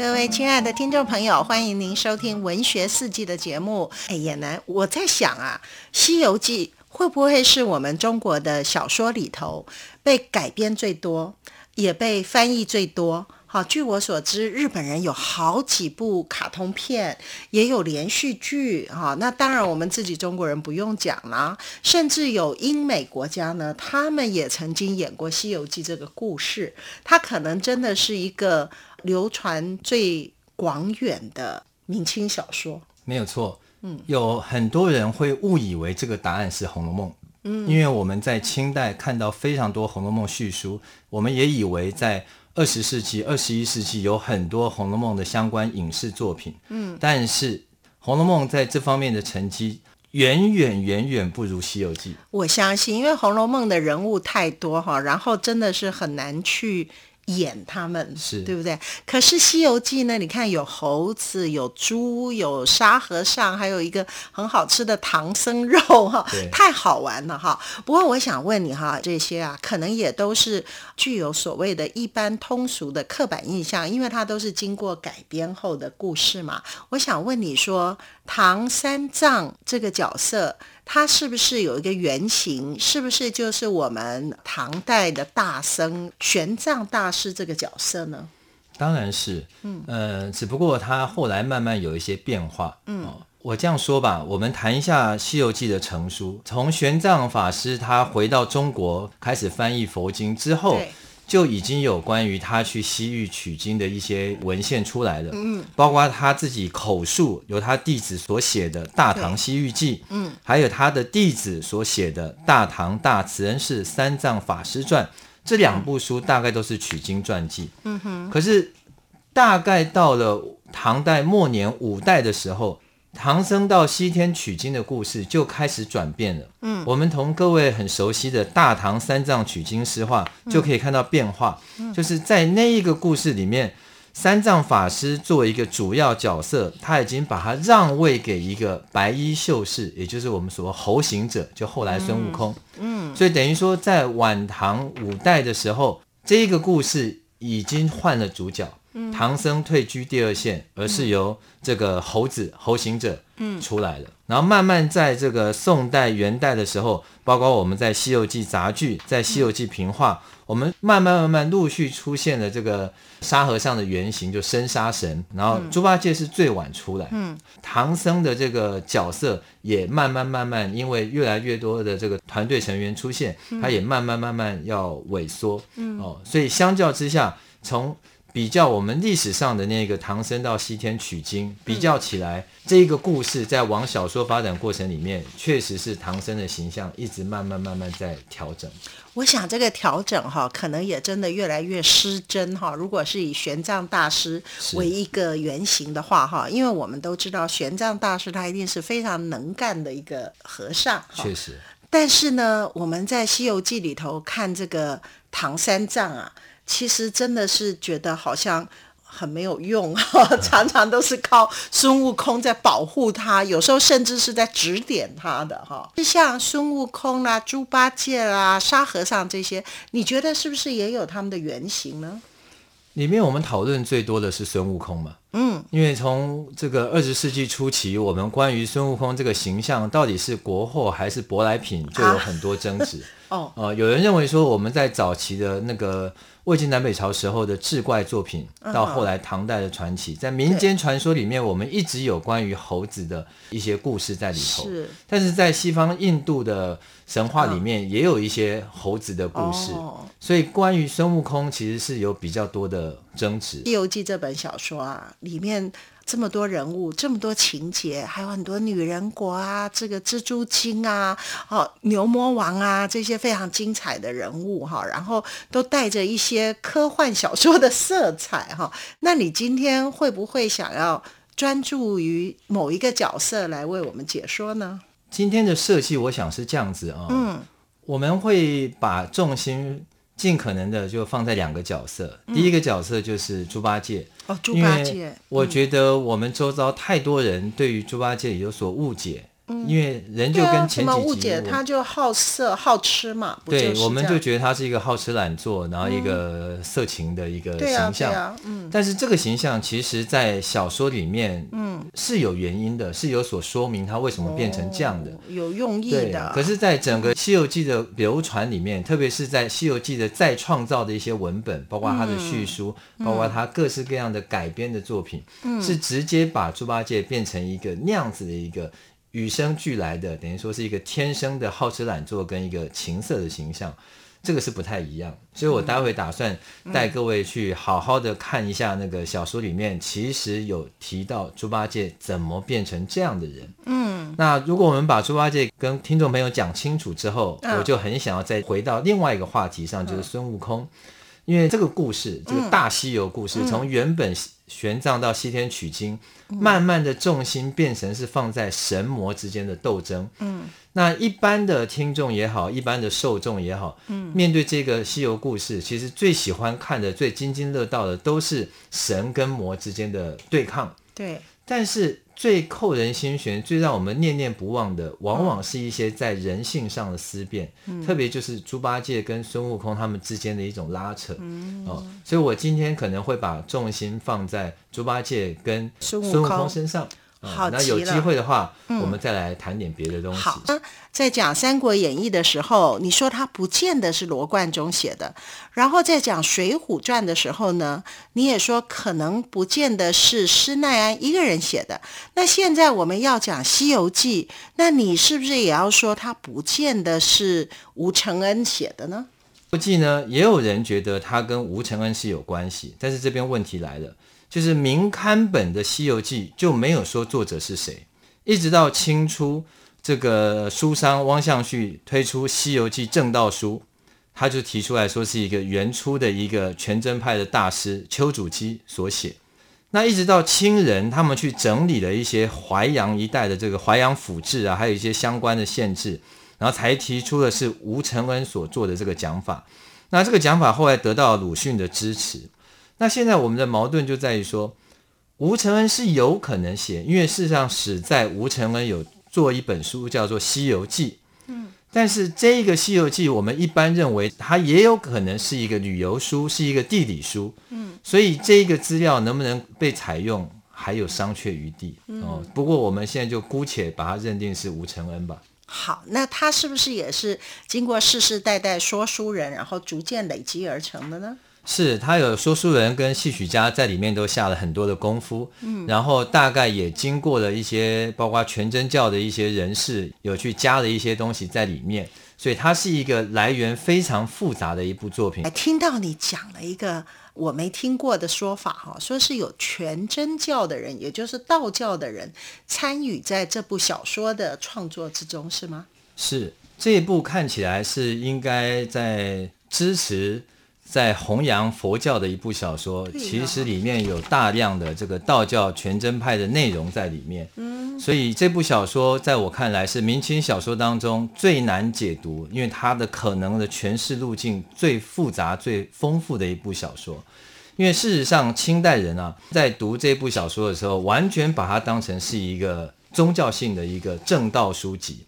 各位親愛的聽眾朋友，歡迎您收聽《文學四季》的節目。哎，衍南，我在想啊，《西遊記》會不會是我們中國的小說裡頭被改編最多、也被翻譯最多？好、哦，據我所知，日本人有好幾部卡通片，也有連續劇。哈、哦，那當然，我們自己中國人不用講了，甚至有英美國家呢，他們也曾經演過《西遊記》這個故事。它可能真的是一個流傳最廣遠的明清小說，沒有錯。嗯，有很多人會誤以為這個答案是《紅樓夢》，嗯，因為我們在清代看到非常多《紅樓夢》續書，我們也以為在二十世紀、二十一世紀有很多《紅樓夢》的相關影視作品，嗯。但是《紅樓夢》在這方面的成績遠遠遠遠遠不如《西遊記》。我相信，因為《紅樓夢》的人物太多哈，然後真的是很難去。演他們是對不對？可是《西遊記》呢？你看有猴子有、有豬，有沙和尚，還有一個很好吃的唐僧肉，哈、哦，太好玩了，哈、哦。不過我想問你哈，這些啊，可能也都是具有所謂的一般通俗的刻板印象，因為它都是經過改編後的故事嘛。我想問你說，唐三藏這個角色。他是不是有一個原型？是不是就是我們唐代的大僧玄奘大師這個角色呢？當然是，嗯，呃，只不過他後來慢慢有一些變化。嗯，哦，我這樣說吧，我們談一下《西遊記》的成書。從玄奘法師他回到中國開始翻譯佛經之後。嗯就已經有關於他去西域取經的一些文獻出來了，嗯，包括他自己口述，由他弟子所寫的《大唐西域記》，嗯，還有他的弟子所寫的《大唐大慈恩寺三藏法師傳》，這兩部書大概都是取經傳記，嗯哼。可是，大概到了唐代末年五代的時候。唐僧到西天取經的故事就開始轉變了。嗯，我們同各位很熟悉的大唐三藏取經詩話就可以看到變化。嗯，就是在那一個故事裡面，三藏法師作為一個主要角色，他已經把他讓位給一個白衣秀士，也就是我們所謂猴行者，就後來孫悟空。嗯，嗯所以等於說在晚唐五代的時候，這一個故事已經換了主角。唐僧退居第二線，嗯、而是由這個猴子猴行者、嗯、出來的。然後慢慢在這個宋代、元代的時候，包括我們在《西遊記》雜劇、在《西遊記》平話，我們慢慢慢慢陸續出現了這個沙和尚的原型，就深沙神。然後豬八戒是最晚出來的、嗯，唐僧的這個角色也慢慢慢慢，因為越來越多的這個團隊成員出現，他也慢慢慢慢要萎縮、嗯。哦，所以相較之下，從比較我們歷史上的那個唐僧到西天取經，比較起來，嗯、這個故事在往小說發展過程裡面，確實是唐僧的形象一直慢慢慢慢在調整。我想這個調整哈，可能也真的越來越失真哈。如果是以玄奘大師為一個原型的話哈，因為我們都知道玄奘大師他一定是非常能幹的一個和尚。確實，但是呢，我們在《西遊記》裡頭看這個唐三藏啊。其實真的是覺得好像很沒有用，呵呵，常常都是靠孫悟空在保護他，有時候甚至是在指點他的哈。就像孫悟空啦、豬八戒啦、沙和尚這些，你覺得是不是也有他們的原型呢？裡面我們討論最多的是孫悟空嘛，嗯，因為從這個二十世紀初期，我們關於孫悟空這個形象到底是國貨還是舶來品，就有很多爭執。啊哦、oh.，呃，有人認為說我們在早期的那個魏晉南北朝時候的志怪作品，到後來唐代的傳奇，oh. 在民間傳說裡面，我們一直有關於猴子的一些故事在裡頭。是，但是在西方印度的神話裡面也有一些猴子的故事，oh. 所以關於孫悟空其實是有比較多的爭執。《西遊記》這本小說啊，裡面。這麼多人物，這麼多情節，還有很多女人國啊，這個蜘蛛精啊，哦，牛魔王啊，這些非常精彩的人物哈、哦，然後都帶着一些科幻小說的色彩哈、哦。那你今天會不會想要專注於某一個角色來為我們解說呢？今天的設計，我想是這樣子啊、哦，嗯，我們會把重心。儘可能的就放在兩個角色，第一個角色就是豬八戒。因、嗯哦、豬八戒，因為我覺得我們周遭太多人對於豬八戒有所誤解。嗯嗯因為人就跟前幾集、嗯、他、啊、就好色好吃嘛，對，我們就覺得他是一個好吃懶做，然後一個色情的一個形象。嗯，啊啊、嗯但是這個形象其實，在小說裡面，嗯，是有原因的，嗯、是有所說明他為什麼變成這樣的，哦、有用意的。可是在整個《西遊記》的流傳裡面，嗯、特別是在《西遊記》的再創造的一些文本，包括他的敘述，嗯、包括他各式各樣的改編的作品、嗯，是直接把豬八戒變成一個那樣子的一個。與生俱來的，等於說是一個天生的好吃懶做跟一個情色的形象，這個是不太一樣。所以我待會打算帶各位去好好的看一下那個小說裡面，其實有提到豬八戒怎麼變成這樣的人。嗯，那如果我們把豬八戒跟聽眾朋友講清楚之後，嗯，我就很想要再回到另外一個話題上，就是孫悟空，嗯，因為這個故事這個大西遊故事，嗯，從原本。玄奘到西天取經，慢慢的重心變成是放在神魔之間的鬥爭。嗯，那一般的聽眾也好，一般的受眾也好，面對這個西遊故事，其實最喜歡看的、最津津樂道的，都是神跟魔之間的對抗。嗯、對。但是最扣人心弦、最讓我們念念不忘的，往往是一些在人性上的思辨。嗯、特別就是豬八戒跟孫悟空他們之間的一種拉扯、嗯。哦，所以我今天可能會把重心放在豬八戒跟孫悟空身上。嗯、好，那有機會的話、嗯，我們再來談點別的東西。好、啊、在講《三國演義》的時候，你說它不見得是羅貫中寫的；然後在講《水滸傳》的時候呢，你也說可能不見得是施耐庵一個人寫的。那現在我們要講《西遊記》，那你是不是也要說它不見得是吳承恩寫的呢？《西遊記》呢，也有人覺得它跟吳承恩是有關係，但是這邊問題來了。就是明刊本的《西遊記》就沒有說作者是誰，一直到清初，這個書商汪象旭推出《西遊記正道書》，他就提出來說是一個元初的一個全真派的大師邱祖基所寫。那一直到清人他們去整理了一些淮陽一帶的這個淮陽府志啊，還有一些相關的縣志，然後才提出的是吳承恩所做的這個講法。那這個講法後來得到魯迅的支持。那現在我們的矛盾就在於說，吳承恩是有可能寫，因為事實上史在吳承恩有做一本書叫做《西遊記》，嗯，但是這個《西遊記》我們一般認為它也有可能是一個旅遊書，是一個地理書，嗯，所以這個資料能不能被採用還有商榷餘地哦。不過我們現在就姑且把它認定是吳承恩吧。好，那它是不是也是經過世世代代說書人，然後逐漸累積而成的呢？是他有說書人跟戲曲家在裡面都下了很多的功夫，嗯，然後大概也經過了一些，包括全真教的一些人士有去加了一些東西在裡面，所以它是一個來源非常複雜的一部作品。聽到你講了一個我沒聽過的說法哈，說是有全真教的人，也就是道教的人參與在這部小說的創作之中，是嗎？是這一部看起來是應該在支持。在弘揚佛教的一部小說，其實裡面有大量的這個道教全真派的內容在裡面。所以這部小說在我看來是明清小說當中最難解讀，因為它的可能的詮釋路徑最複雜、最豐富的一部小說。因為事實上，清代人啊在讀這部小說的時候，完全把它當成是一個宗教性的一個正道書籍。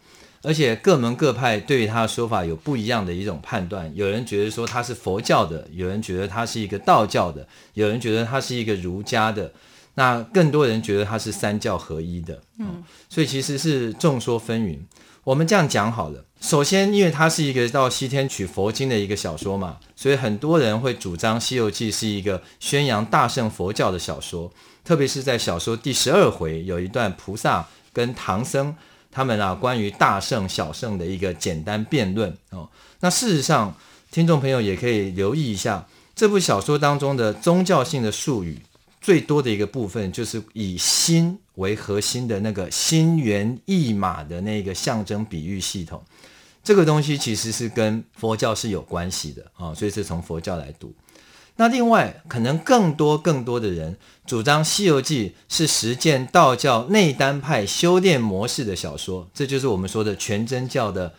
而且各門各派對於他的說法有不一樣的一種判斷，有人覺得說他是佛教的，有人覺得他是一個道教的，有人覺得他是一個儒家的，那更多人覺得他是三教合一的。嗯、哦，所以其實是眾說紛紜。我們這樣講好了，首先因為他是一個到西天取佛經的一個小說嘛，所以很多人會主張《西遊記》是一個宣揚大乘佛教的小說，特別是在小說第十二回有一段菩薩跟唐僧。他們啊，關於大聖小聖的一個簡單辯論哦。那事實上，聽眾朋友也可以留意一下這部小說當中的宗教性的術語最多的一個部分，就是以心為核心的那個心猿意馬的那個象徵比喻系統。這個東西其實是跟佛教是有關係的啊，哦，所以是從佛教來讀。那另外，可能更多更多的人主張《西遊記》是實踐道教內丹派修煉模式的小說，這就是我們說的全真教的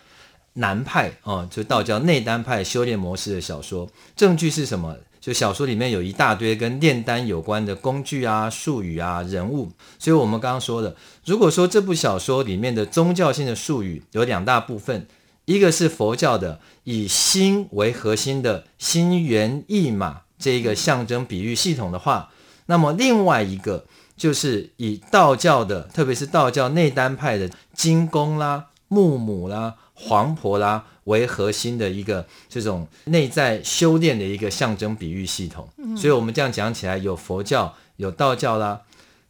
南派啊、哦，就道教內丹派修煉模式的小說。證據是什麼？就小說裡面有一大堆跟煉丹有關的工具啊、術語啊、人物。所以，我們剛剛說的，如果說這部小說裡面的宗教性的術語有兩大部分，一個是佛教的以心為核心的“心猿意馬”。這一個象徵比喻系統的話，那麼另外一個就是以道教的，特別是道教內丹派的金公啦、木母啦、黃婆啦為核心的一個這種內在修煉的一個象徵比喻系統。所以，我們這樣講起來，有佛教、有道教啦，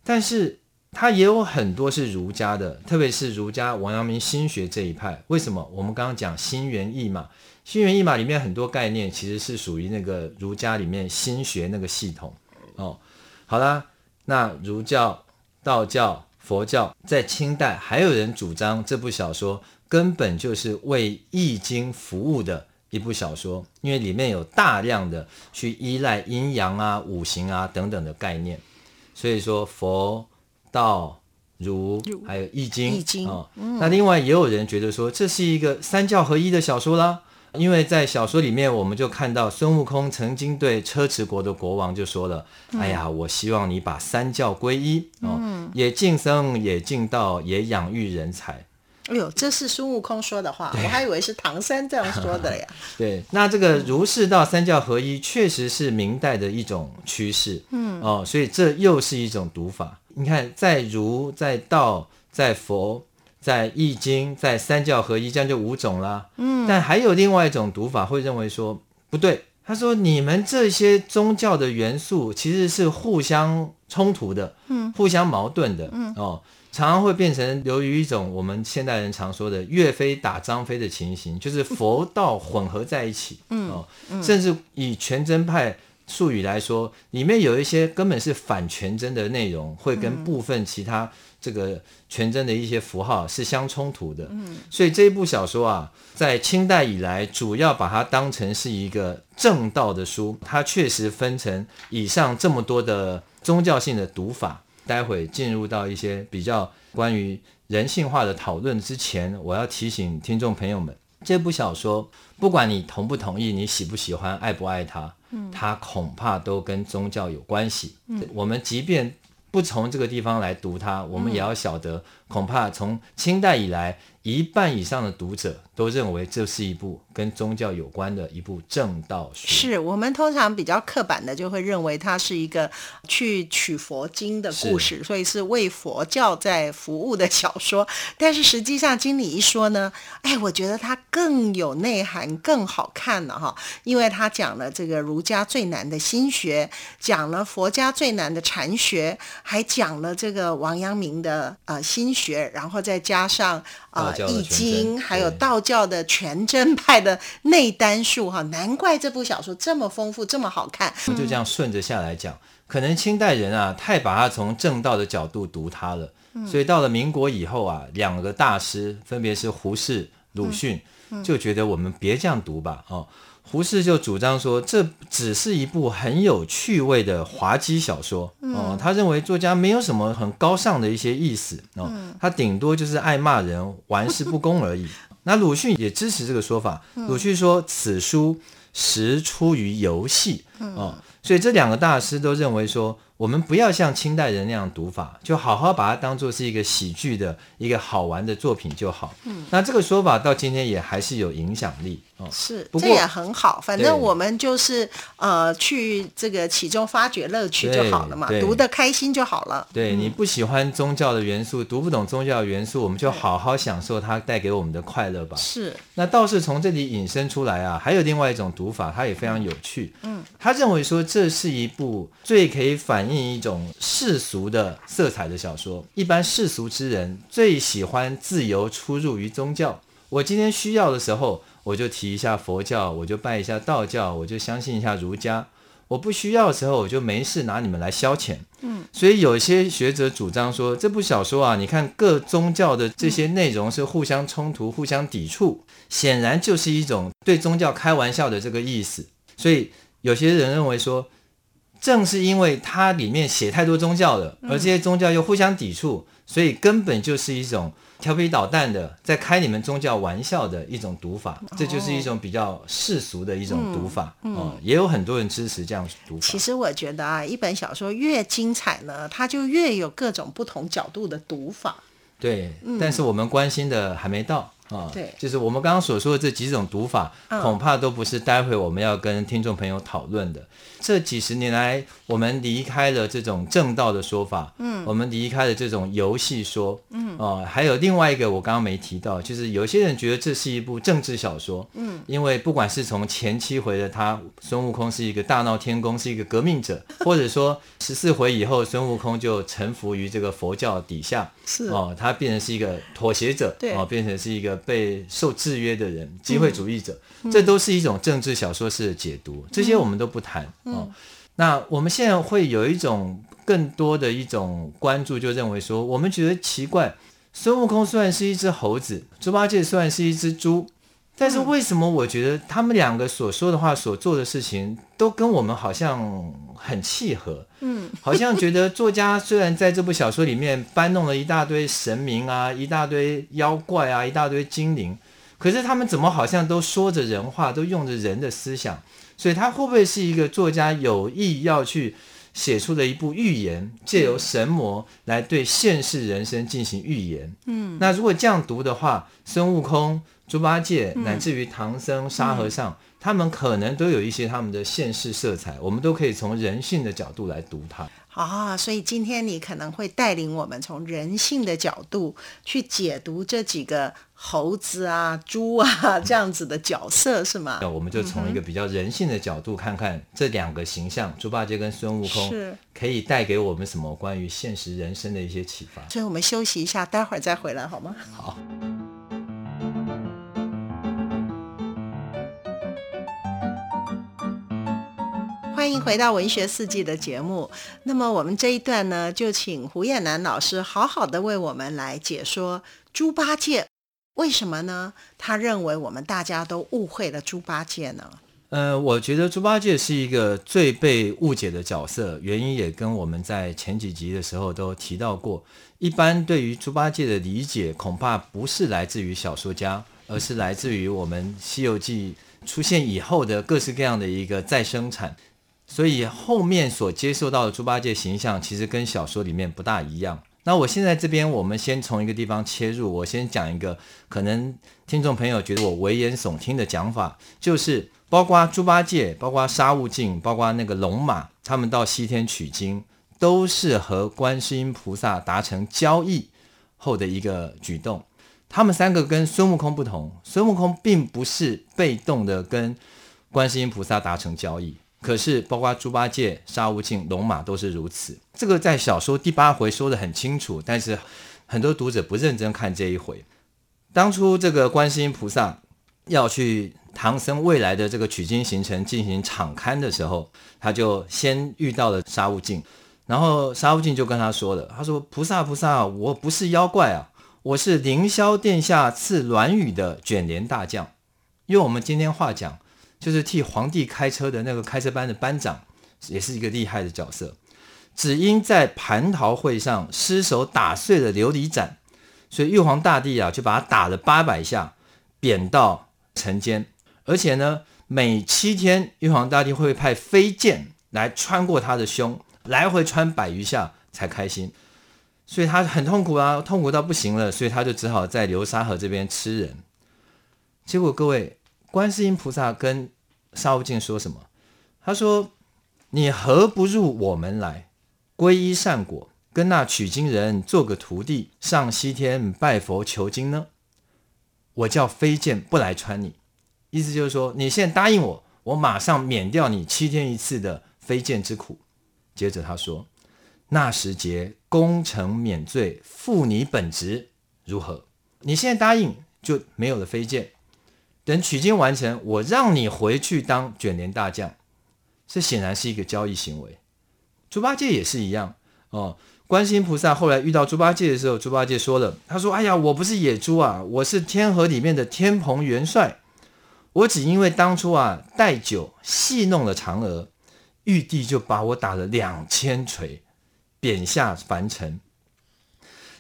但是它也有很多是儒家的，特別是儒家王陽明心學這一派。為什麼？我們剛剛講心猿意馬。心猿意馬裡面很多概念其實是屬於那個儒家裡面心學那個系統哦。好啦，那儒教、道教、佛教在清代還有人主張這部小說根本就是為《易經》服務的一部小說，因為裡面有大量的去依賴陰陽啊、五行啊等等的概念，所以說佛、道、儒還有易經《易經》哦。那另外也有人覺得說這是一個三教合一的小說啦。因為在小說裡面，我們就看到孫悟空曾經對車遲國的國王就說了，嗯：“哎呀，我希望你把三教歸一、嗯、哦，也敬僧，也敬道，也養育人才。”哎呦，這是孫悟空說的話，我還以為是唐三這樣說的呀。呵呵，對，那這個儒釋道三教合一確實是明代的一種趨勢。嗯哦，所以這又是一種讀法。你看，在儒，在道，在佛。在《易經》在三教合一，這樣就五種啦。嗯，但還有另外一種讀法，會認為說不對。他說，你們這些宗教的元素其實是互相衝突的，嗯，互相矛盾的，嗯哦，常常會變成流於一種我們現代人常說的岳飛打張飛的情形，就是佛道混合在一起，嗯哦，甚至以全真派術語來說，裡面有一些根本是反全真的內容，會跟部分其他這個。全真的一些符號是相衝突的，嗯，所以這部小說啊，在清代以來，主要把它當成是一個正道的書。它確實分成以上這麼多的宗教性的讀法。待會兒進入到一些比較關於人性化的討論之前，我要提醒聽眾朋友們，這部小說，不管你同不同意，你喜不喜歡，愛不愛它，嗯，它恐怕都跟宗教有關係。嗯，我們即便。不從這個地方來讀它，我們也要曉得。嗯。恐怕從清代以來，一半以上的讀者都認為這是一部跟宗教有關的一部證道書。是我們通常比較刻板的，就會認為它是一個去取佛經的故事，所以是為佛教在服務的小說。但是實際上，經理一說呢，哎，我覺得它更有內涵，更好看了哈，因為它講了這個儒家最難的心學，講了佛家最難的禪學，還講了這個王陽明的呃心學。然後再加上啊《呃、易經》，還有道教的全真派的內丹術，哈，難怪這部小說這麼豐富，這麼好看。嗯、我就這樣順着下來講，可能清代人啊太把它從正道的角度讀它了，所以到了民國以後啊，兩個大師分別是胡適、魯迅、嗯嗯，就覺得我們別這樣讀吧，哦。胡適就主張說，這只是一部很有趣味的滑稽小說哦、呃。他認為作家沒有什麼很高尚的一些意思哦、呃，他頂多就是愛罵人、玩世不恭而已。 那魯迅也支持這個說法，魯迅說此書實出於遊戲哦、呃。所以這兩個大師都認為說。我們不要像清代人那樣讀法，就好好把它當做是一個喜劇的一個好玩的作品就好。嗯，那這個說法到今天也還是有影響力哦、嗯。是，這也很好。反正我們就是呃，去這個其中發掘樂趣就好了嘛，讀得開心就好了。對、嗯、你不喜歡宗教的元素，讀不懂宗教的元素，我們就好好享受它帶給我們的快樂吧。是。那倒是從這裡引申出來啊，還有另外一種讀法，它也非常有趣。嗯，他認為說這是一部最可以反映。另一種世俗的色彩的小說，一般世俗之人最喜歡自由出入於宗教。我今天需要的時候，我就提一下佛教，我就拜一下道教，我就相信一下儒家。我不需要的時候，我就沒事拿你們來消遣。嗯，所以有些學者主張說，這部小說啊，你看各宗教的這些內容是互相衝突、嗯、互相抵觸，顯然就是一種對宗教開玩笑的這個意思。所以有些人認為說。正是因為它裡面寫太多宗教了，而這些宗教又互相抵觸，嗯、所以根本就是一種調皮搗蛋的，在開你們宗教玩笑的一種讀法。這就是一種比較世俗的一種讀法。哦、嗯、哦，也有很多人支持這樣讀法。其實我覺得啊，一本小說越精彩呢，它就越有各種不同角度的讀法。對，嗯、但是我們關心的還沒到。啊、呃，對，就是我們剛剛所說的這幾種讀法，恐怕都不是待會我們要跟聽眾朋友討論的。哦、這幾十年來，我們離開了這種正道的說法，嗯，我們離開了這種遊戲說，嗯，哦、呃，還有另外一個我剛剛沒提到，就是有些人覺得這是一部政治小說，嗯，因為不管是從前七回的他，孫悟空是一個大鬧天宮，是一個革命者，或者說十四回以後，孫悟空就臣服於這個佛教底下，是哦、呃，他變成是一個妥協者，對，哦、呃，變成是一個。被受制約的人，機會主義者。嗯，這都是一種政治小說式的解讀，嗯，這些我們都不談啊，嗯，哦。那我們現在會有一種更多的一種關注，就認為說，我們覺得奇怪，孫悟空雖然是一隻猴子，豬八戒雖然是一隻豬。但是為什麼我覺得他們兩個所說的話、所做的事情都跟我們好像很契合？嗯， 好像覺得作家雖然在這部小說裡面搬弄了一大堆神明啊、一大堆妖怪啊、一大堆精靈，可是他們怎麼好像都說着人話，都用着人的思想？所以，他會不會是一個作家有意要去寫出的一部寓言，借由神魔來對現世人生進行寓言？嗯，那如果這樣讀的話，孫悟空。豬八戒乃至於唐僧、嗯、沙和尚，他們可能都有一些他們的現實色彩，我們都可以從人性的角度來讀它。啊、哦，所以今天你可能會帶領我們從人性的角度去解讀這幾個猴子啊、豬啊這樣子的角色，嗯、是嗎？那我們就從一個比較人性的角度看看這兩個形象——嗯、豬八戒跟孫悟空是，可以帶給我們什麼關於現實人生的一些啟發？所以我們休息一下，待會兒再回來好嗎？好。歡迎回到《文學四季》的節目。那麼，我們這一段呢，就請胡衍南老師好好的為我們來解說豬八戒。為什麼呢？他認為我們大家都誤會了豬八戒呢？呃，我覺得豬八戒是一個最被誤解的角色，原因也跟我們在前幾集的時候都提到過。一般對於豬八戒的理解，恐怕不是來自於小說家，而是來自於我們《西遊記》出現以後的各式各樣的一個再生產。所以後面所接受到的豬八戒形象，其實跟小說裡面不大一樣。那我現在這邊，我們先從一個地方切入，我先講一個可能聽眾朋友覺得我危言聳聽的講法，就是包括豬八戒、包括沙悟淨、包括那個龍馬，他們到西天取經，都是和觀世音菩薩達成交易後的一個舉動。他們三個跟孫悟空不同，孫悟空並不是被動的跟觀世音菩薩達成交易。可是，包括豬八戒、沙悟淨、龍馬都是如此。這個在小說第八回說得很清楚，但是很多讀者不認真看這一回。當初這個觀世音菩薩要去唐僧未來的這個取經行程進行敞勘的時候，他就先遇到了沙悟淨，然後沙悟淨就跟他說了：“他說，菩薩菩薩，我不是妖怪啊，我是凌霄殿下賜鑾輿的捲簾大將。用我們今天話講。”就是替皇帝開車的那個開車班的班長，也是一個厲害的角色。只因在蟠桃會上失手打碎了琉璃盞，所以玉皇大帝啊，就把他打了八百下，貶到塵間。而且呢，每七天玉皇大帝會派飛劍來穿過他的胸，來回穿百餘下才開心。所以他很痛苦啊，痛苦到不行了，所以他就只好在流沙河這邊吃人。結果各位。觀世音菩薩跟沙悟淨說什麼？他說：“你何不入我門來皈依善果，跟那取經人做個徒弟，上西天拜佛求經呢？我叫飛劍不來穿你。意思就是說，你現在答應我，我馬上免掉你七天一次的飛劍之苦。接着他說：那時節功成免罪，復你本職如何？你現在答應就沒有了飛劍。”等取經完成，我讓你回去當卷簾大將，這顯然是一個交易行為。豬八戒也是一樣哦。觀世音菩薩後來遇到豬八戒的時候，豬八戒說了：“他說，哎呀，我不是野豬啊，我是天河裡面的天蓬元帥。我只因為當初啊，帶酒戲弄了嫦娥，玉帝就把我打了兩千錘，貶下凡塵。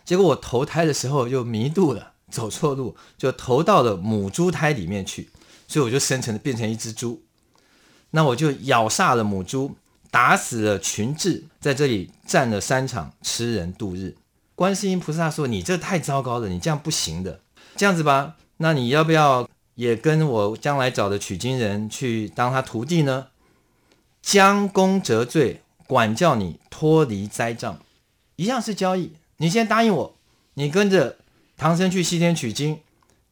結果我投胎的時候又迷路了。”走錯路就投到了母豬胎裡面去，所以我就生成的變成一隻豬，那我就咬殺了母豬，打死了群彘，在這裡占了山場，吃人度日。觀世音菩薩說：“你這太糟糕了，你這樣不行的，這樣子吧，那你要不要也跟我將來找的取經人去當他徒弟呢？將功折罪，管教你脫離災障，一樣是交易。你先答應我，你跟着。”唐僧去西天取經，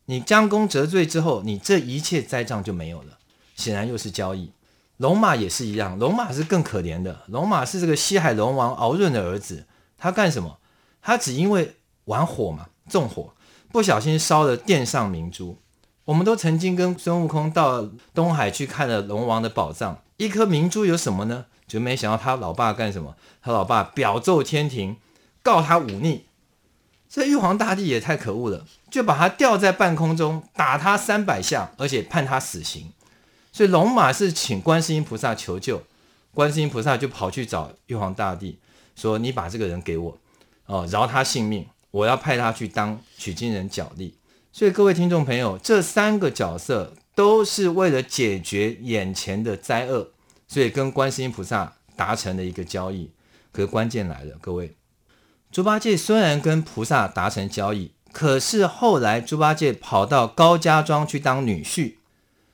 你將功折罪之後，你這一切災障就沒有了。顯然又是交易。龍馬也是一樣，龍馬是更可憐的。龍馬是這個西海龍王敖閏的兒子，他幹什麼？他只因為玩火嘛，縱火，不小心燒了殿上明珠。我們都曾經跟孫悟空到東海去看了龍王的寶藏，一顆明珠有什麼呢？就沒想到他老爸幹什麼？他老爸表奏天庭，告他忤逆。這玉皇大帝也太可惡了，就把他吊在半空中，打他三百下，而且判他死刑。所以龍馬是請觀世音菩薩求救，觀世音菩薩就跑去找玉皇大帝，說：“你把這個人給我，哦、呃，饒他性命，我要派他去當取經人腳力。”所以各位聽眾朋友，這三個角色都是為了解決眼前的災厄，所以跟觀世音菩薩達成了一個交易。可是關鍵來了，各位。豬八戒雖然跟菩薩達成交易，可是後來豬八戒跑到高家莊去當女婿，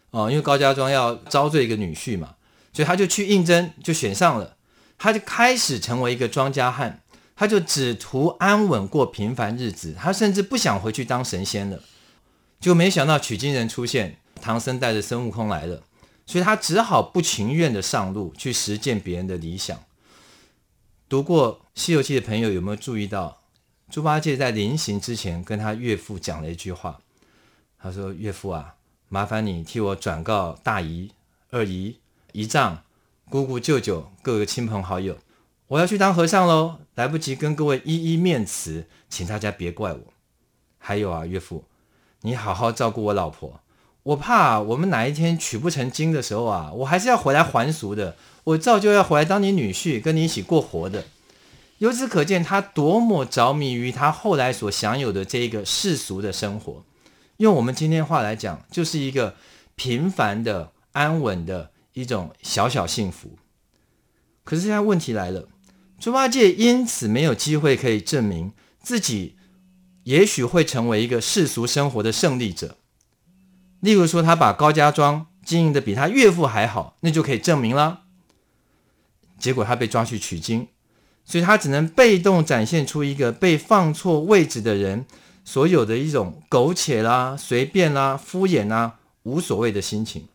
哦，因為高家莊要招贅一個女婿嘛，所以他就去應徵，就選上了，他就開始成為一個莊稼漢，他就只圖安穩過平凡日子，他甚至不想回去當神仙了，就沒想到取經人出現，唐僧帶着孫悟空來了，所以他只好不情願地上路去實踐別人的理想。讀過。《西遊記》的朋友有沒有注意到，豬八戒在臨行之前跟他岳父講了一句話，他說：“岳父啊，麻煩你替我轉告大姨、二姨、姨丈、姑姑、舅舅、各位親朋好友，我要去當和尚嘍，來不及跟各位一一面辭，請大家別怪我。還有啊，岳父，你好好照顧我老婆，我怕我們哪一天取不成經的時候啊，我還是要回來還俗的，我照舊要回來當你女婿，跟你一起過活的。”由此可見，他多麼着迷於他後來所享有的這一個世俗的生活，用我們今天話來講，就是一個平凡的、安穩的一種小小幸福。可是現在問題來了，豬八戒因此沒有機會可以證明自己，也許會成為一個世俗生活的勝利者。例如說，他把高家莊經營得比他岳父還好，那就可以證明了。結果他被抓去取經。所以他只能被動展現出一個被放錯位置的人，所有的一種苟且啦、隨便啦、敷衍啦、無所謂的心情。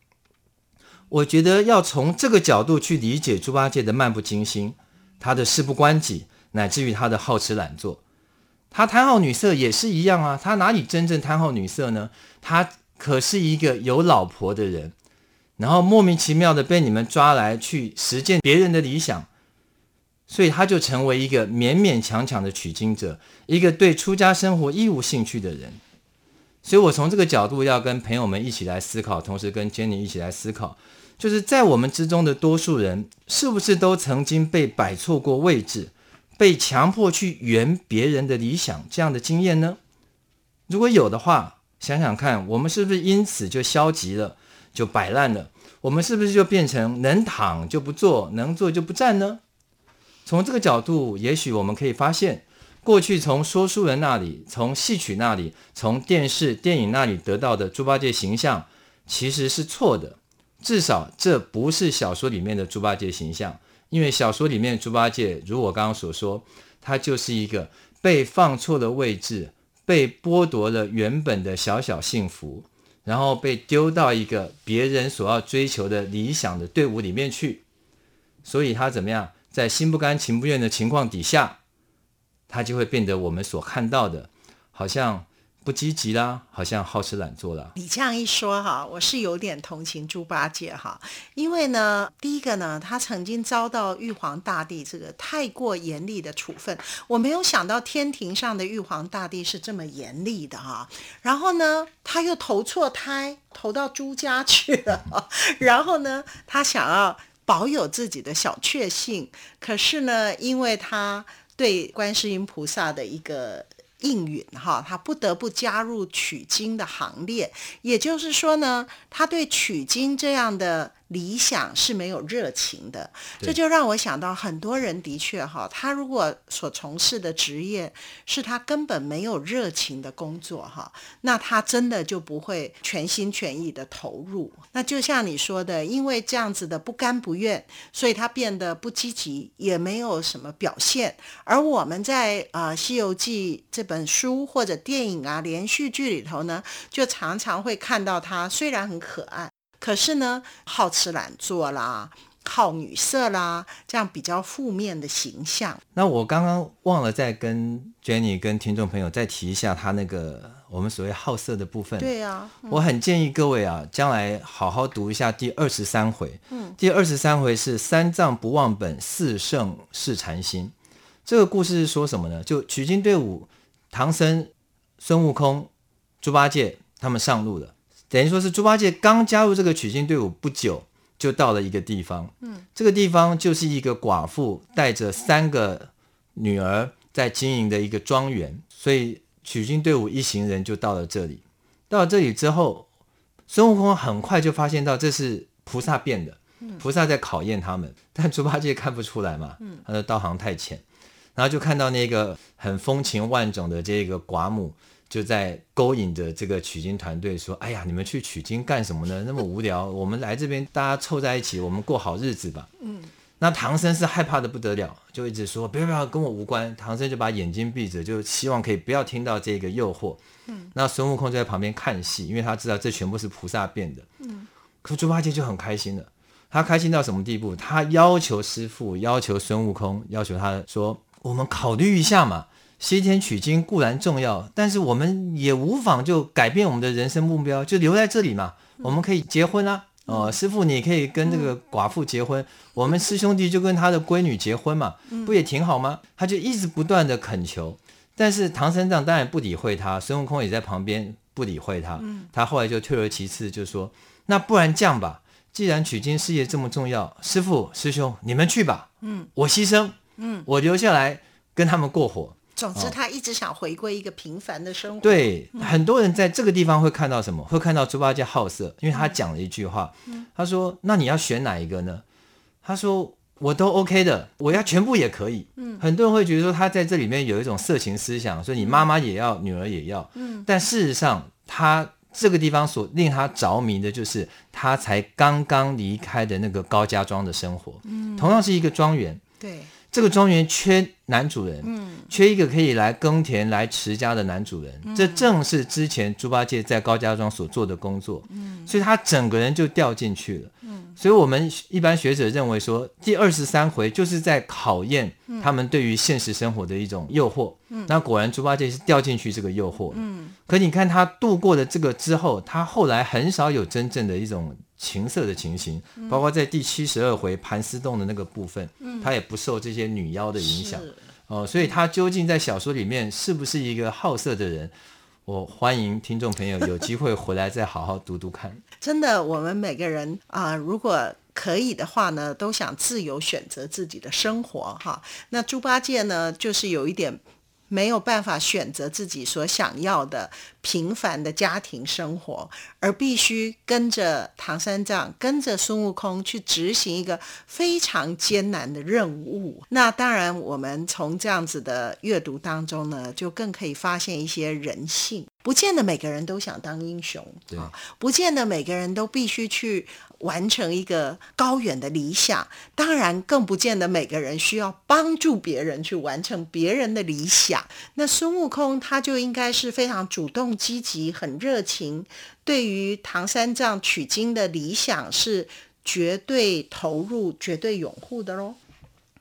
我覺得要從這個角度去理解豬八戒的漫不經心，他的事不關己，乃至於他的好吃懶做，他貪好女色也是一樣啊。他哪裡真正貪好女色呢？他可是一個有老婆的人，然後莫名其妙的被你們抓來去實踐別人的理想。所以他就成為一個勉勉強強的取經者，一個對出家生活一無興趣的人。所以我從這個角度要跟朋友們一起來思考，同時跟 Jenny 一起來思考，就是在我們之中的多數人，是不是都曾經被擺錯過位置，被強迫去圓別人的理想這樣的經驗呢？如果有的話，想想看，我們是不是因此就消極了，就擺爛了？我們是不是就變成能躺就不坐，能坐就不站呢？從這個角度，也許我們可以發現，過去從說書人那裡、從戲曲那裡、從電視電影那裡得到的豬八戒形象，其實是錯的。至少這不是小說裡面的豬八戒形象，因為小說裡面豬八戒，如我剛剛所說，他就是一個被放錯了位置、被剝奪了原本的小小幸福，然後被丟到一個別人所要追求的理想的隊伍裡面去，所以他怎麼樣？在心不甘情不願的情況底下，他就會變得我們所看到的，好像不積極啦，好像好吃懶做啦。你這樣一說哈，我是有點同情豬八戒哈，因為呢，第一個呢，他曾經遭到玉皇大帝這個太過嚴厲的處分，我沒有想到天庭上的玉皇大帝是這麼嚴厲的哈。然後呢，他又投錯胎，投到豬家去了。然後呢，他想要。保有自己的小確幸，可是呢，因為他對觀世音菩薩的一個應允，哈，他不得不加入取經的行列。也就是說呢，他對取經這樣的理想是沒有熱情的，這就讓我想到很多人的確哈，他如果所從事的職業是他根本沒有熱情的工作哈，那他真的就不會全心全意的投入。那就像你說的，因為這樣子的不甘不願，所以他變得不積極，也沒有什麼表現。而我們在啊、呃《西遊記》這本書或者電影啊、連續劇裡頭呢，就常常會看到他雖然很可愛。可是呢，好吃懶做啦，好女色啦，這樣比較負面的形象。那我剛剛忘了再跟 Jenny 跟聽眾朋友再提一下他那個我們所謂好色的部分。對啊，嗯，我很建議各位啊，將來好好讀一下第二十三回。嗯，第二十三回是三藏不忘本，四聖試禪心。這個故事是說什麼呢？就取經隊伍，唐僧、孫悟空、豬八戒他們上路了。等於說是豬八戒剛加入這個取經隊伍不久，就到了一個地方。嗯，這個地方就是一個寡婦帶着三個女兒在經營的一個莊園，所以取經隊伍一行人就到了這裡。到了這裡之後，孫悟空很快就發現到這是菩薩變的，菩薩在考驗他們，但豬八戒看不出來嘛，他的道行太淺，然後就看到那個很風情萬種的這個寡母。就在勾引着這個取經團隊說：“哎呀，你們去取經幹什麼呢？那麼無聊！我們來這邊，大家湊在一起，我們過好日子吧。”嗯。那唐僧是害怕得不得了，就一直說：“不要不要，跟我無關。”唐僧就把眼睛閉着，就希望可以不要聽到這個誘惑。嗯。那孫悟空就在旁邊看戲，因為他知道這全部是菩薩變的。嗯。可豬八戒就很開心了，他開心到什麼地步？他要求師父，要求孫悟空，要求他說：“我們考慮一下嘛。”西天取經固然重要，但是我們也無妨就改變我們的人生目標，就留在這裡嘛。嗯、我們可以結婚啊，哦、嗯呃，師傅，你可以跟這個寡婦結婚、嗯，我們師兄弟就跟他的閨女結婚嘛，嗯、不也挺好嗎？他就一直不斷的懇求，但是唐三藏當然不理會他，孫悟空也在旁邊不理會他，嗯、他後來就退而其次，就說那不然這樣吧，既然取經事業這麼重要，師傅師兄你們去吧，嗯，我犧牲，嗯，我留下來跟他們過活。總之，他一直想回歸一個平凡的生活，哦。對，嗯、很多人在這個地方會看到什麼？會看到豬八戒好色，因為他講了一句話，嗯、他說：“那你要選哪一個呢？”他說：“我都 OK 的，我要全部也可以。嗯”很多人會覺得說他在這裡面有一種色情思想，所以你媽媽也要，嗯、女兒也要。嗯，但事實上，他這個地方所令他着迷的就是他才剛剛離開的那個高家莊的生活。嗯，同樣是一個莊園。對。這個莊園缺男主人，嗯，缺一個可以來耕田、來持家的男主人。這正是之前豬八戒在高家莊所做的工作，嗯，所以他整個人就掉進去了，嗯，所以我們一般學者認為說，第二十三回就是在考驗他們對於現實生活的一種誘惑，嗯，那果然豬八戒是掉進去這個誘惑，嗯，可你看他度過了這個之後，他後來很少有真正的一種。情色的情形，包括在第七十二回盤絲洞的那個部分，嗯，他也不受這些女妖的影響，哦、呃，所以他究竟在小說裡面是不是一個好色的人？我歡迎聽眾朋友有機會回來再好好讀讀看。 真的，我們每個人啊、呃，如果可以的話呢，都想自由選擇自己的生活哈。那豬八戒呢，就是有一點，沒有辦法選擇自己所想要的平凡的家庭生活，而必須跟着唐三藏、跟着孫悟空去執行一個非常艱難的任務。那當然，我們從這樣子的閱讀當中呢，就更可以發現一些人性。不見得每個人都想當英雄，對，不見得每個人都必須去。完成一個高遠的理想，當然更不見得每個人需要幫助別人去完成別人的理想。那孫悟空他就應該是非常主動、積極、很熱情，對於唐三藏取經的理想是絕對投入、絕對擁護的咯。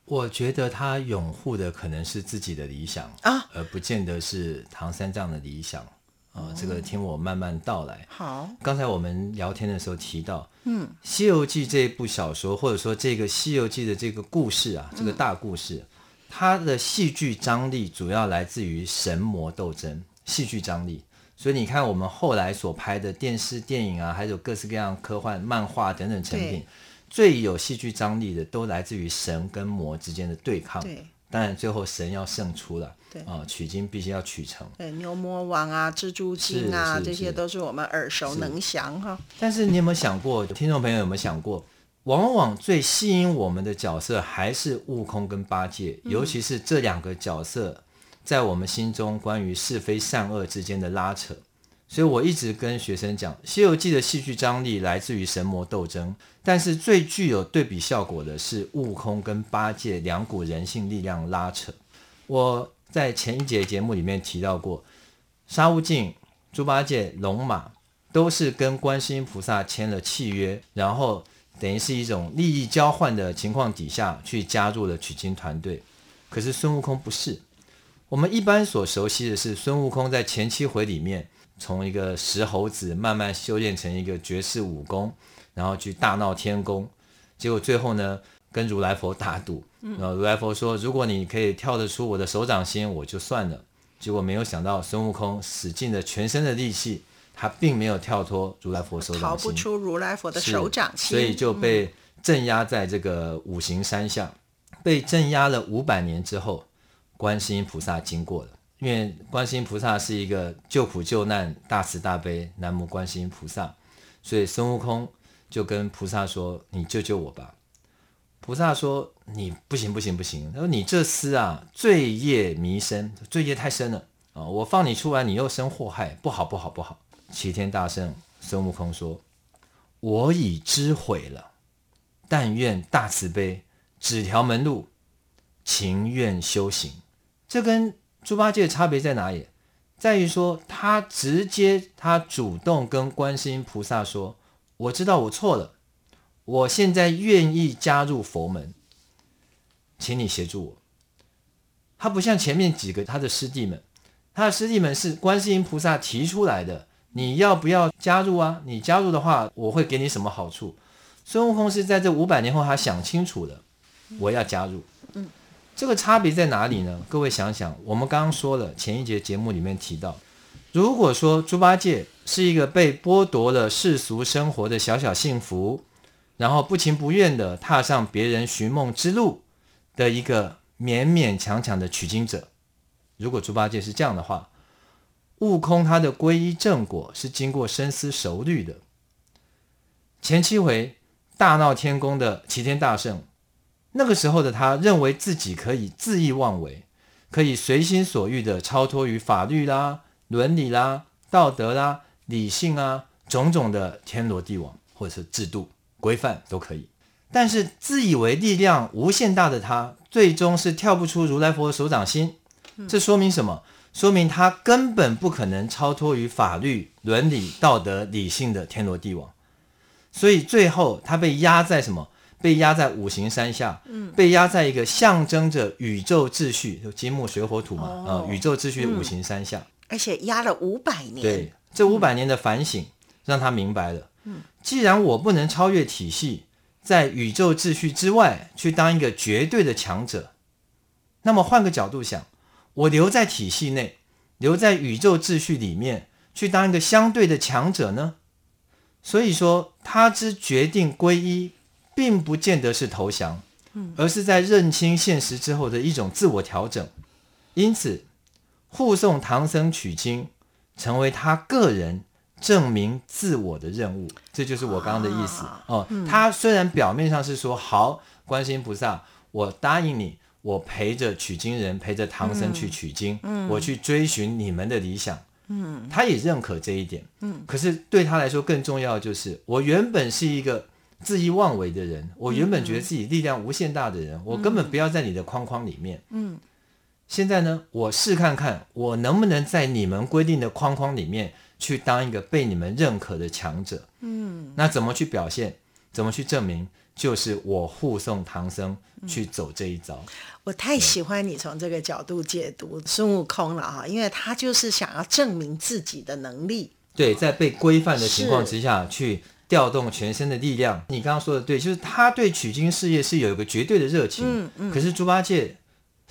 我覺得他擁護的可能是自己的理想啊，而不見得是唐三藏的理想。啊、嗯，這個聽我慢慢道來。好，剛才我們聊天的時候提到，嗯，《西遊記》這一部小說，或者說這個《西遊記》的這個故事啊、嗯，這個大故事，它的戲劇張力主要來自於神魔鬥爭，戲劇張力。所以你看，我們後來所拍的電視、電影啊，還有各式各樣科幻、漫畫等等成品，最有戲劇張力的，都來自於神跟魔之間的對抗。對，當然最後神要勝出了。啊、哦，取經必須要取成。對牛魔王啊，蜘蛛精啊，這些都是我們耳熟能詳哈、哦。但是你有沒有想過，聽眾朋友有沒有想過，往往最吸引我們的角色還是悟空跟八戒，嗯、尤其是這兩個角色在我們心中關於是非善惡之間的拉扯。所以我一直跟學生講，《西遊記》的戲劇張力來自於神魔鬥爭，但是最具有對比效果的是悟空跟八戒兩股人性力量拉扯。我。在前一節節目裡面提到過，沙悟淨、豬八戒、龍馬都是跟觀世音菩薩簽了契約，然後等於是一種利益交換的情況底下去加入了取經團隊。可是孫悟空不是，我們一般所熟悉的是孫悟空在前七回裡面，從一個石猴子慢慢修煉成一個絕世武功，然後去大鬧天宮，結果最後呢？跟如來佛打賭，然後如來佛說、嗯：“如果你可以跳得出我的手掌心，我就算了。”結果沒有想到，孫悟空使盡了全身的力氣，他並沒有跳脫如來佛手掌心，逃不出如來佛的手掌心，所以就被鎮壓在這個五行山下。嗯、被鎮壓了五百年之後，觀世音菩薩經過了，因為觀世音菩薩是一個救苦救難、大慈大悲、南無觀世音菩薩，所以孫悟空就跟菩薩說：“你救救我吧。”菩薩說：“你不行，不行，不行！他說你這廝啊，罪業彌深，罪業太深了啊！我放你出來，你又生禍害，不好，不好，不好！”齊天大聖孫悟空說：“我已知悔了，但願大慈悲，指條門路，情願修行。”這跟豬八戒的差別在哪裡？在於說他直接，他主動跟觀世音菩薩說：“我知道我錯了。”我現在願意加入佛門，請你協助我。他不像前面幾個，他的師弟們，他的師弟們是觀世音菩薩提出來的。你要不要加入啊？你加入的話，我會給你什麼好處？孫悟空是在這五百年後他想清楚了，我要加入。嗯。這個差別在哪裡呢？各位想想，我們剛剛說了，前一節節目裡面提到，如果說豬八戒是一個被剝奪了世俗生活的小小幸福。然後不情不願地踏上別人尋夢之路的一個勉勉強強的取經者，如果豬八戒是這樣的話，悟空他的皈依正果是經過深思熟慮的。前七回大鬧天宮的齊天大聖，那個時候的他認為自己可以恣意妄為，可以隨心所欲地超脫於法律啦、啊、倫理啦、啊、道德啦、啊、理性啊種種的天羅地網或者是制度，規範都可以，但是自以為力量無限大的他，最終是跳不出如來佛的手掌心。這說明什麼？說明他根本不可能超脫於法律、倫理、道德、理性的天羅地網。所以最後他被壓在什麼？被壓在五行山下。嗯，被壓在一個象徵着宇宙秩序——金木水火土嘛，啊、哦呃，宇宙秩序的五行山下。而且壓了五百年。對，這五百年的反省讓他明白了。嗯既然我不能超越體系，在宇宙秩序之外去當一個絕對的強者，那麼換個角度想，我留在體系內，留在宇宙秩序裡面去當一個相對的強者呢？所以說，他之決定皈依，並不見得是投降，而是在認清現實之後的一種自我調整。因此，護送唐僧取經，成為他個人證明自我的任務，這就是我剛剛的意思哦、啊呃嗯，他雖然表面上是說“好，觀音菩薩，我答應你，我陪着取經人，陪着唐僧去取經，嗯、我去追尋你們的理想。嗯。”他也認可這一點、嗯。可是對他來說更重要就是，我原本是一個恣意妄為的人，我原本覺得自己力量無限大的人，我根本不要在你的框框裡面。嗯嗯、現在呢，我試看看我能不能在你們規定的框框裡面，去當一個被你們認可的強者，嗯，那怎麼去表現？怎麼去證明？就是我護送唐僧去走這一遭。嗯、我太喜歡你從這個角度解讀孫悟空了哈，因為他就是想要證明自己的能力。對，在被規範的情況之下去調動全身的力量。你剛剛說的對，就是他對取經事業是有一個絕對的熱情。嗯嗯，可是豬八戒。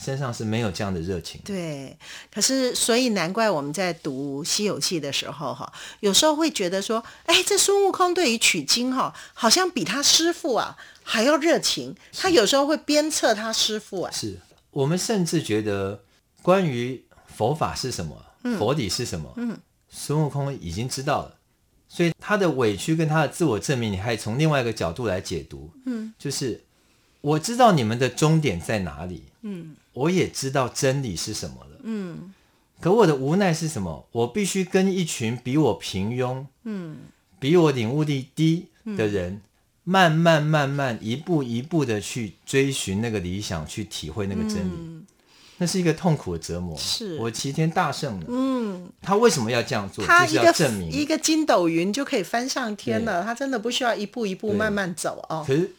身上是沒有這樣的熱情的，對。可是，所以難怪我們在讀《西遊記》的時候，哈，有時候會覺得說，哎、欸，這孫悟空對於取經，哈，好像比他師傅啊還要熱情。他有時候會鞭策他師傅啊。是，是我們甚至覺得，關於佛法是什麼，佛理是什麼，嗯，孫悟空已經知道了。所以他的委屈跟他的自我證明，你還從另外一個角度來解讀，嗯，就是我知道你們的終點在哪裡，嗯。我也知道真理是什麼了，嗯，可我的無奈是什麼？我必須跟一群比我平庸，嗯，比我領悟力低的人，嗯、慢慢慢慢一步一步的去追尋那個理想，去體會那個真理，嗯、那是一個痛苦的折磨。是我齊天大聖呢，嗯，他為什麼要這樣做？他、就是、要證明一個筋斗雲就可以翻上天了，他真的不需要一步一步慢慢走哦。可是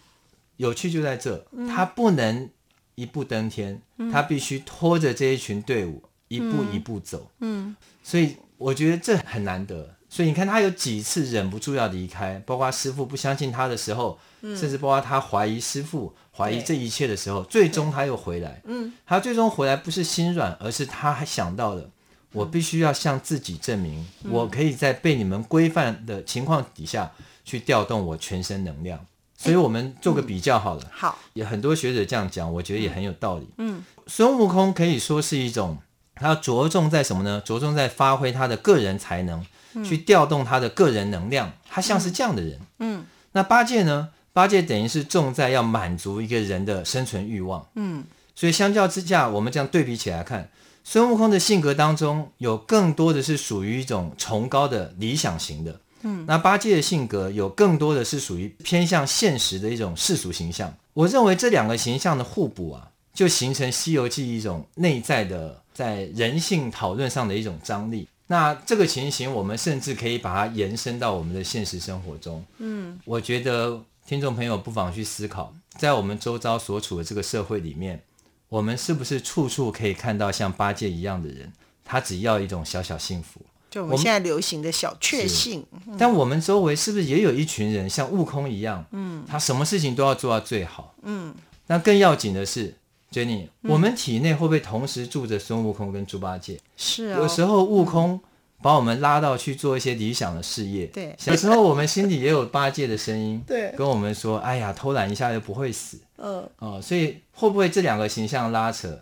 有趣就在這、嗯，他不能。一步登天，嗯、他必須拖着這一群隊伍一步一步走嗯。嗯，所以我覺得這很難得。所以你看，他有幾次忍不住要離開，包括師父不相信他的時候，嗯、甚至包括他懷疑師父、懷疑這一切的時候，嗯、最終他又回來。嗯，他最終回來不是心軟，而是他還想到了：我必須要向自己證明、嗯，我可以在被你們規範的情況底下去調動我全身能量。所以我們做個比較好了。嗯、好，有很多學者這樣講，我覺得也很有道理。嗯，孫悟空可以說是一種，他要着重在什麼呢？着重在發揮他的個人才能、嗯，去調動他的個人能量。他像是這樣的人。嗯，那八戒呢？八戒等於是重在要滿足一個人的生存慾望。嗯，所以相較之下，我們這樣對比起來看，孫悟空的性格當中有更多的是屬於一種崇高的理想型的。嗯，那八戒的性格有更多的是屬於偏向現實的一種世俗形象。我認為這兩個形象的互補啊，就形成《西遊記》一種內在的，在人性討論上的一種張力。那這個情形，我們甚至可以把它延伸到我們的現實生活中。嗯，我覺得聽眾朋友不妨去思考，在我們周遭所處的這個社會裡面，我們是不是處處可以看到像八戒一樣的人，他只要一種小小幸福。就我們現在流行的小確幸，但我們周圍是不是也有一群人像悟空一樣？嗯，他什麼事情都要做到最好。嗯，那更要緊的是，Jenny，、嗯、我們體內會不會同時住着孫悟空跟豬八戒？是啊、哦。有時候悟空把我們拉到去做一些理想的事業。嗯、對。有時候我們心裡也有八戒的聲音。對。跟我們說，哎呀，偷懶一下就不會死。嗯、呃。哦，所以會不會這兩個形象拉扯？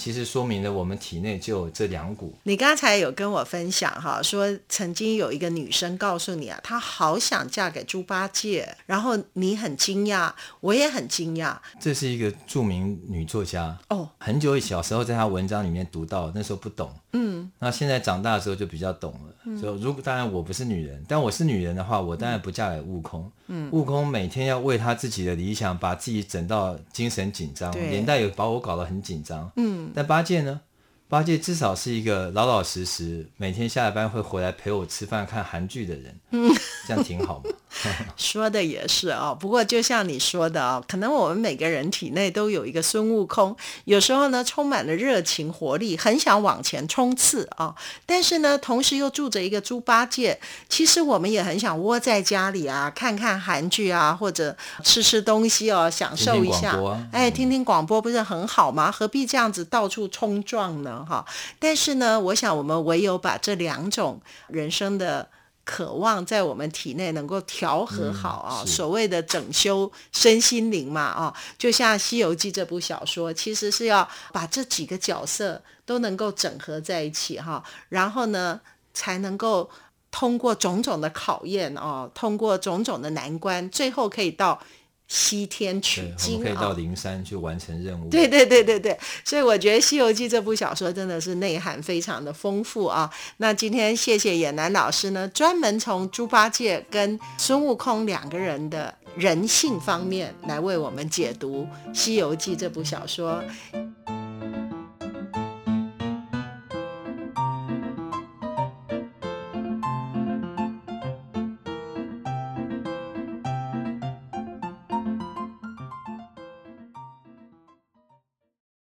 其實說明了我們體內就有這兩股。你剛才有跟我分享哈，說曾經有一個女生告訴你啊，她好想嫁給豬八戒，然後你很驚訝，我也很驚訝。這是一個著名女作家哦，oh. 很久以前，小時候在她文章裡面讀到，那時候不懂。嗯，那現在長大之後就比較懂了。就、嗯、如果當然我不是女人，但我是女人的話，我當然不嫁給悟空、嗯。悟空每天要為他自己的理想把自己整到精神緊張，連帶也把我搞得很緊張。嗯，但八戒呢？八戒至少是一個老老實實，每天下了班會回來陪我吃飯、看韓劇的人，嗯，這樣挺好嘛。 說的也是哦，不過就像你說的哦，可能我們每個人體內都有一個孫悟空，有時候呢充滿了熱情、活力，很想往前衝刺啊、哦。但是呢，同時又住着一個豬八戒，其實我們也很想窩在家裡啊，看看韓劇啊，或者吃吃東西哦，享受一下。聽聽廣播啊、哎，聽聽廣播不是很好嗎？嗯、何必這樣子到處衝撞呢？哈，但是呢，我想我們唯有把這兩種人生的渴望在我們體內能夠調和好啊、嗯，所謂的整修身心靈嘛啊，就像《西遊記》這部小說，其實是要把這幾個角色都能夠整合在一起哈、啊，然後呢，才能夠通過種種的考驗哦、啊，通過種種的難關，最後可以到西天取經，我們可以到靈山去完成任務。哦，對對對對對，所以我覺得《西遊記》這部小說真的是內涵非常的豐富啊。那今天謝謝衍南老師呢，專門從豬八戒跟孫悟空兩個人的人性方面來為我們解讀《西遊記》這部小說。